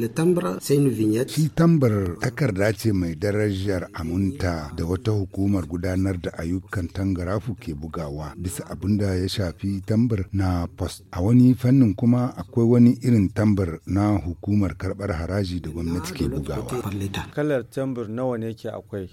Litambra sai vignette. Shi tambar takarda ce mai darajar aminta da wata hukumar gudanar da ayyukan tangarafu ke bugawa bisa abin da ya shafi tambar na post. A wani fannin kuma akwai wani irin tambar na hukumar karbar haraji da gwamnati ke bugawa. Kalar tambar nawa ne ke akwai?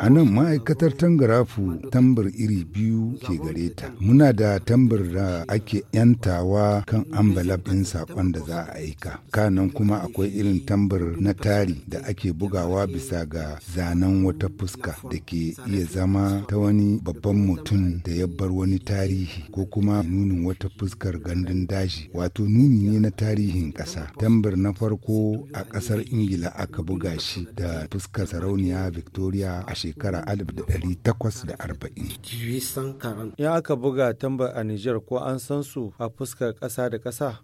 A nan ma'aikatar tangarafu tambar iri biyu ke gare ta. Muna da tambar da ake yantawa kan ambalab ɗin saƙon da za a aika. Kanan kuma akwai irin tambar na tari da ake bugawa bisa ga zanen wata fuska da ke iya zama ta wani babban mutum da ya bar wani tarihi ko kuma nunin wata fuskar gandun daji wato nuni ne na tarihin ƙasa tambar na farko a ƙasar ingila aka buga shi da fuskar sarauniya victoria a shekara 1840 ya aka buga tambar a niger ko an san su a fuskar ƙasa da ƙasa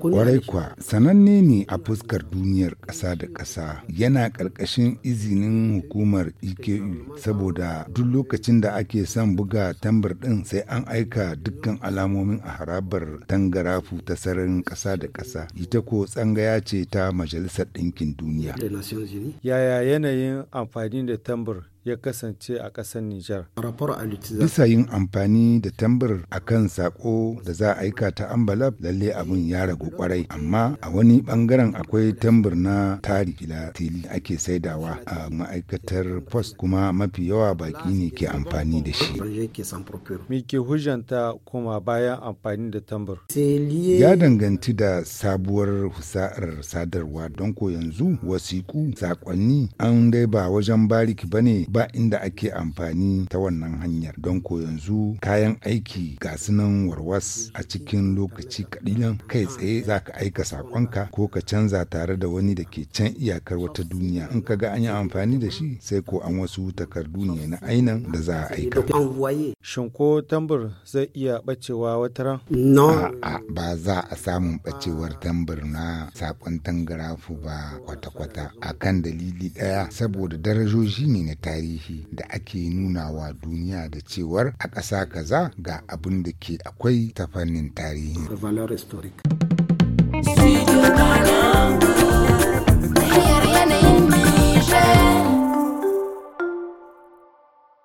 kwarai kwa ne a fuskar iskar duniyar ƙasa da ƙasa yana ƙarƙashin izinin hukumar EKU saboda duk lokacin da ake son buga tambar ɗin sai an aika dukkan alamomin a harabar tangarafu ta sararin ƙasa da ƙasa ita ko tsangaya ce ta Majalisar Ɗinkin Duniya. Yaya yanayin amfani da tambur ya kasance a ƙasar Nijar. Bisa yin amfani da tambar a kan sako da za a aika ta ambalab lalle abin ya ragu kwarai amma a wani bangaren akwai tambar na tari filatili ake saidawa a ma'aikatar post kuma mafi yawa baki ne ke amfani da shi. mi ke hujjanta kuma bayan amfani da tambar? Ya danganci da sabuwar husa'ar sadarwa don ko yanzu wasiku sakonni an dai ba wajen bariki bane ba inda ake amfani ta wannan hanyar don ko yanzu kayan aiki ga sunan warwas a cikin lokaci kalilan kai tsaye za ka aika sakonka ko ka canza tare da wani da ke can iyakar wata duniya in ka ga an yi amfani da shi sai ko an wasu takardu ne na ainan da za a aika. Shin ko tambur zai iya bacewa wata ran? No. A'a ba za a samun bacewar tambur na sakon tangarafu ba kwata-kwata akan dalili daya saboda darajoji ne na tayi tarihi da ake nuna wa duniya da cewar a ƙasa kaza ga abin da ke akwai ta fannin tarihi.